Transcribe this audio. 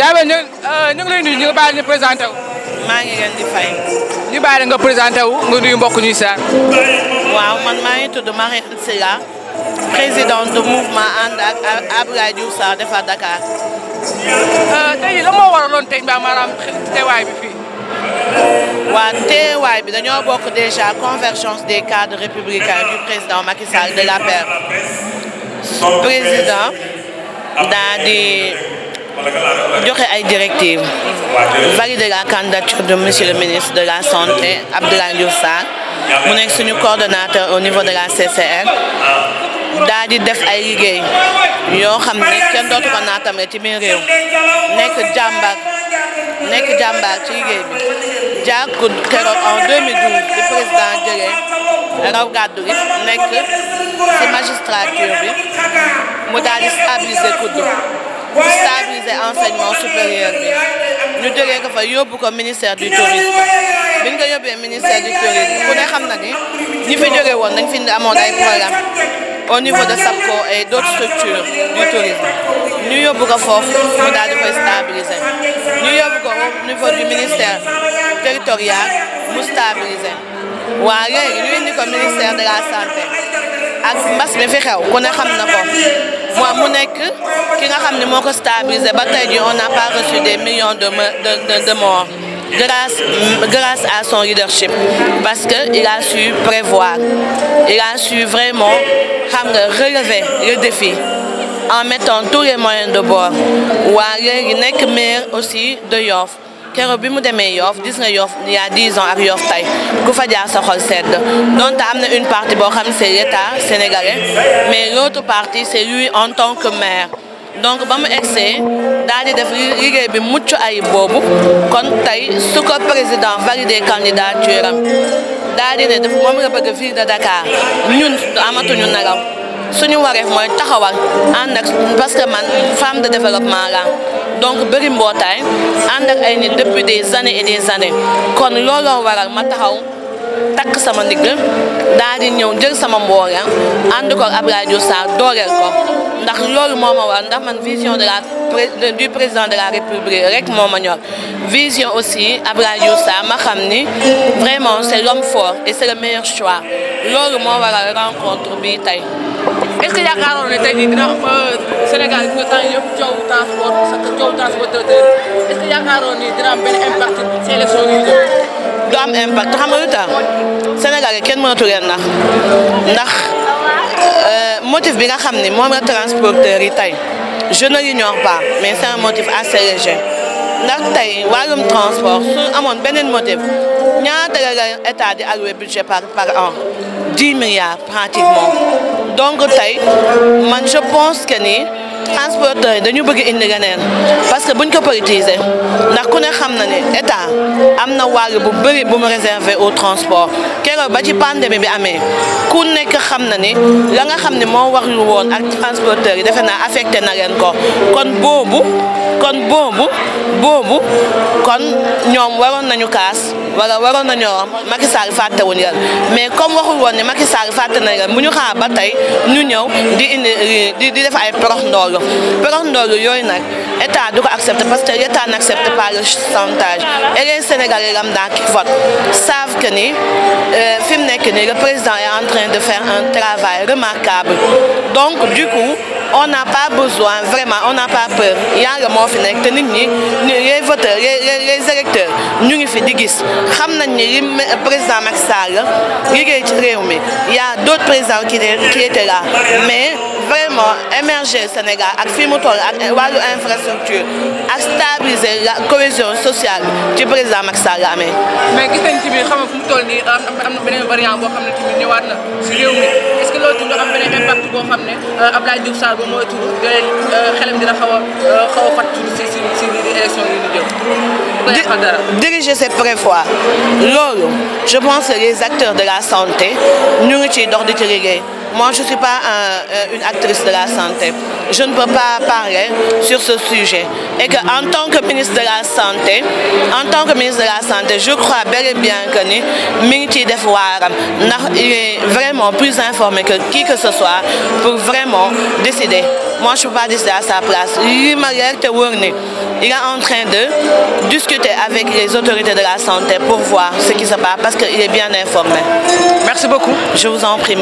yaa ngi euh, ñu ngi lay nuyu ñu ngi présenté wu. maa ngi leen di fay. ñu baal nga présenté wu nga nuyu mbokk ñuy saar. waaw man maa ngi tudd Marie Silla présidente du mouvement ànd ak Abdoulaye Diouf Sarr Dakar. Euh, tey jii la moo waraloon tey bi fii. waa convergence des cadres républicains du président Macky Sall de l'APR. président daa di joxe ay directives. valider la candidature de monsieur le ministre de la santé Abdoulaye Diouf Sarr mu nekk suñu coordonnateur au niveau de la CCR. daal di def ay liggéey yoo xam ni kenn dootu ko naa tamit ci biir réew nekk jàmbaar nekk jàmbaar ci liggéey bi jàkku keroog en 2012 di président jëlee raw gàddu gi nekk ci magistrature bi mu daal di stabiliser kudd mu stabiliser enseignement supérieur bi ñu jógee ko fa yóbbu ko ministère du tourisme bi ñu ko yóbbee ministère du tourisme ku ne xam na ni fi jóge woon dañ fi amoon ay programme au niveau de SAPCO et d' autres structures du tourisme ñu yóbbu ko foofu mu daal di koy stabiliser ñu yóbbu ko au niveau du ministère territorial mu stabiliser waa léegi ministère de la santé ak mbas mi fi xew ku ne na ko moom mu nekk ki nga xam moo ko stabiliser ba tey on n'a pas de de de morts. grâce, à son leadership parce qu'il a su prévoir, il a su vraiment relever le défi en mettant tous les moyens de bord. Waa léegi nekk maire aussi de Yoff keroog bi mu demee Yoff gis nga Yoff il y a 10 ans ak Yoff tey ku fa jaar sa xol am na une partie boo xam ne c'est l'État sénégalais mais l'autre partie c'est lui en tant que maire donc ba mu egsee daal di def liggéey bi mucc ay boobu kon tey su ko président validé candidature am daal di ne def moom la bëgg ville de Dakar ñun amatuñu naraw suñu wareef mooy taxawal ànd ak parce que man femme de développement la donc bëri mbootaay ànd ak ay nit depuis des années et des années kon looloo waral ma taxaw takk sama ndigg daal di ñëw jël sama mboolem ànd ko Abdoulaye Diouf Sarr dooleel ko ndax loolu moo ma war ndax man vision de la du président de la république rek moo ma ñor vision aussi Abdoulaye Diouf Sarr ni vraiment c'est l'homme fort et c'est le meilleur choix loolu moo waral rencontre bi est que yaakaaroon ne tey jii dina am euh, Sénégal est-ce que impact xam nga lu tax Sénégal yi kenn motif bi nga xam ne moom la transporteur yi tey je ne l'ignore pas mais c'est un motif assez léger ndax tey wàllum transport su amoon beneen motif ñaar la état di alloué budget par par an dix milliards pratiquement donc tey man je pense que ni transporteurs yi dañu bëgg indi leneen parce que buñ ko politiser ndax ku ne xam na ne état am na wàll bu bëri bu mu réservé au transport. keroog ba ci pandémie bi amee ku nekk xam na ni la nga xam ne moo warul woon ak transporteurs yi defe naa affecté na leen ko kon boobu kon boobu boobu kon ñoom waroon nañu kaas wala waroon nañoo Macky Sall fàtte wuñ leen mais comme waxul woon ne Macky Sall fàtte na leen bu ñu xaa ba tey ñu ñëw di indi di def ay porox ndoolu porox ndoolu yooyu nag état du ko accepté parce que l'état n'accepte pas le chantage sénégal les Sénégalais lambda qui votent savent que ni. Euh, Euh, fi mu nekk nii le président est en de faire un travail remarquable donc du coup on n'a pas besoin vraiment on n'a pas peur yàlla moo fi nekk te nit ñi les voteurs les les électeurs ñu ngi fi di gis xam nañ ni li président Macky Sall liggéey ci réew mi y a d'autres présidents qui qui étaient là mais vraiment émerger Sénégal ak fi mu toll ak wàllu infrastructure ak stabiliser la cohésion sociale ci président Macky Sall mais gis nañ ci biir xam nga fu mu toll nii beneen variant boo xam ne tamit ñëwaat na si réew mi est ce que loolu tamit am beneen impact boo xam ne euh, Abdoulaye Diouf Sarr ba mooy tudd dinañ euh, xelam dina xaw a euh, xaw a fàttali si si si élection yi ñu jëm. diriger cette préfoire loolu je pense que les acteurs de la santé ñu ngi ciy dox di ci liggéey. Moi, je suis pas un, euh, euh, une actrice de la santé. Je ne peux pas parler sur ce sujet. Et que, en tant que ministre de la Santé, en tant que ministre de la Santé, je crois bel et bien que Minti Defouaram est vraiment plus informé que qui que ce soit pour vraiment décider. Moi, je ne peux pas décider à sa place. Il est en train de discuter avec les autorités de la santé pour voir ce qui se passe parce qu'il est bien informé. Merci beaucoup. Je en prie,